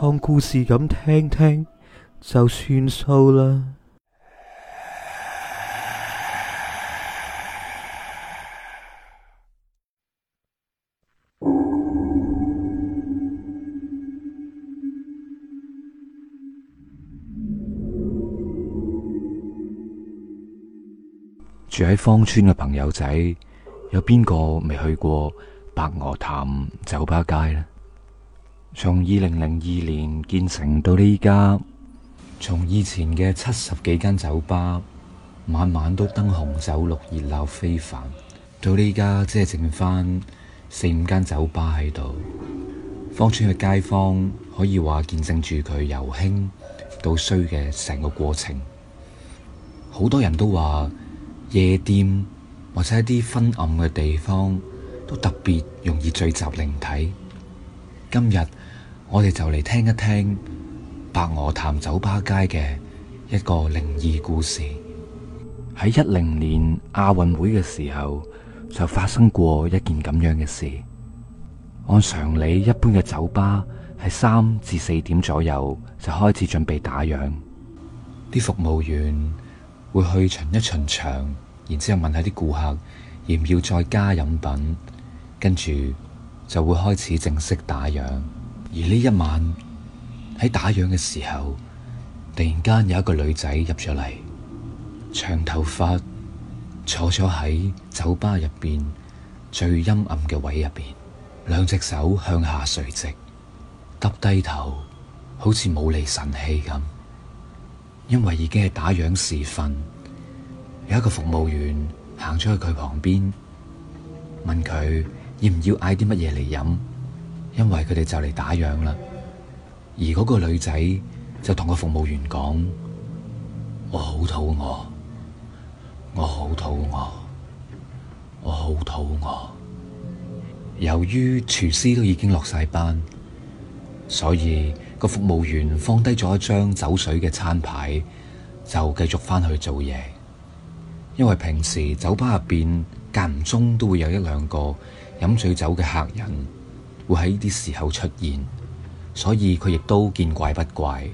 當故事咁聽聽就算數啦。住喺芳村嘅朋友仔，有邊個未去過白鵝潭酒吧街呢？從二零零二年建成到呢家，從以前嘅七十幾間酒吧，晚晚都燈紅酒綠，熱鬧非凡，到呢家，只係剩翻四五間酒吧喺度。芳村嘅街坊可以話見證住佢由興到衰嘅成個過程。好多人都話夜店或者一啲昏暗嘅地方都特別容易聚集靈體。今日。我哋就嚟聽一聽白鵝潭酒吧街嘅一個靈異故事。喺一零年亞運會嘅時候，就發生過一件咁樣嘅事。按常理，一般嘅酒吧喺三至四點左右就開始準備打烊，啲服務員會去巡一巡場，然之後問下啲顧客要唔要再加飲品，跟住就會開始正式打烊。而呢一晚喺打烊嘅時候，突然間有一個女仔入咗嚟，長頭髮，坐咗喺酒吧入邊最陰暗嘅位入邊，兩隻手向下垂直，耷低頭，好似冇離神器咁。因為已經係打烊時分，有一個服務員行咗去佢旁邊，問佢要唔要嗌啲乜嘢嚟飲。因為佢哋就嚟打烊啦，而嗰個女仔就同個服務員講：我好肚餓，我好肚餓，我好肚餓。由於廚師都已經落晒班，所以個服務員放低咗一張酒水嘅餐牌，就繼續翻去做嘢。因為平時酒吧入邊間唔中都會有一兩個飲醉酒嘅客人。會喺呢啲時候出現，所以佢亦都見怪不怪。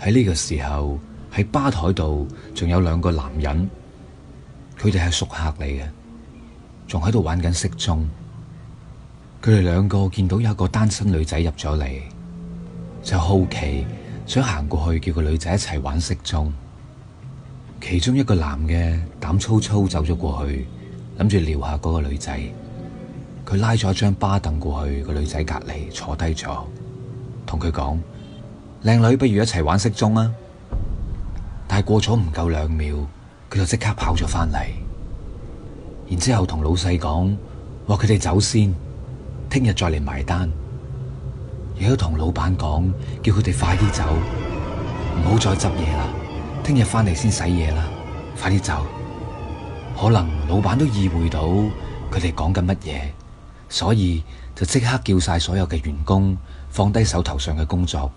喺呢個時候喺吧台度，仲有兩個男人，佢哋係熟客嚟嘅，仲喺度玩緊骰盅。佢哋兩個見到有一個單身女仔入咗嚟，就好奇想行過去叫個女仔一齊玩骰盅。其中一個男嘅膽粗粗走咗過去，諗住撩下嗰個女仔。佢拉咗一張巴凳過去個女仔隔籬坐低咗，同佢講：靚女，不如一齊玩骰盅啊！但係過咗唔夠兩秒，佢就即刻跑咗翻嚟，然之後同老細講：話佢哋走先，聽日再嚟埋單。亦都同老闆講：叫佢哋快啲走，唔好再執嘢啦，聽日翻嚟先洗嘢啦。快啲走！可能老闆都意會到佢哋講緊乜嘢。所以就即刻叫晒所有嘅員工放低手頭上嘅工作，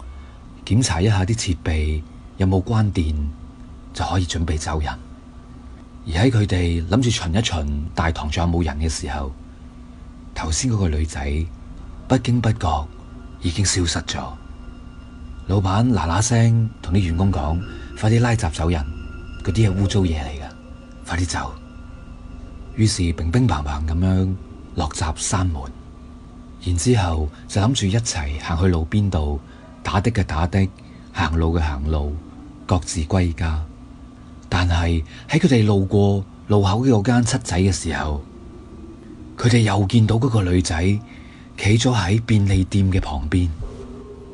檢查一下啲設備有冇關電，就可以準備走人。而喺佢哋諗住巡一巡大堂仲有冇人嘅時候，頭先嗰個女仔不經不覺已經消失咗。老闆嗱嗱聲同啲員工講：「快啲拉閘走人，嗰啲係污糟嘢嚟㗎，快啲走。於是乒乒乓乓咁樣落閘閂門，然之後就諗住一齊行去路邊度打的嘅，打的，行路嘅行路，各自歸家。但係喺佢哋路過路口嘅嗰間七仔嘅時候，佢哋又見到嗰個女仔企咗喺便利店嘅旁邊，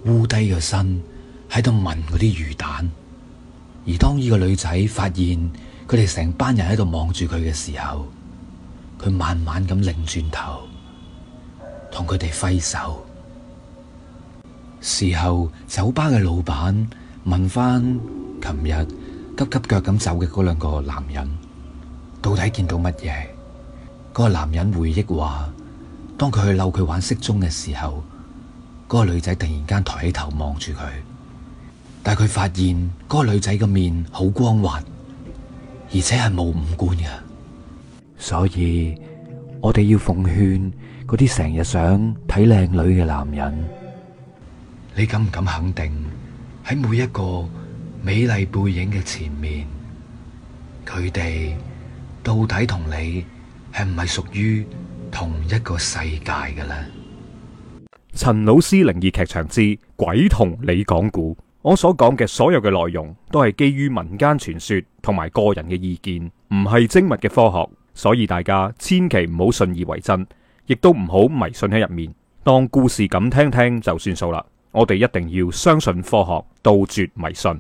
烏低個身喺度聞嗰啲魚蛋。而當呢個女仔發現佢哋成班人喺度望住佢嘅時候，佢慢慢咁擰轉頭，同佢哋揮手。事後，酒吧嘅老闆問翻琴日急急腳咁走嘅嗰兩個男人，到底見到乜嘢？嗰、那個男人回憶話：當佢去撩佢玩骰盅嘅時候，嗰、那個女仔突然間抬起頭望住佢，但係佢發現嗰、那個女仔嘅面好光滑，而且係冇五官嘅。所以我哋要奉勸嗰啲成日想睇靚女嘅男人，你敢唔敢肯定喺每一個美麗背影嘅前面，佢哋到底同你係唔係屬於同一個世界嘅呢？陳老師靈異劇場之鬼同你講故，我所講嘅所有嘅內容都係基於民間傳說同埋個人嘅意見，唔係精密嘅科學。所以大家千祈唔好信以為真，亦都唔好迷信喺入面，當故事咁聽聽就算數啦。我哋一定要相信科學，杜絕迷信。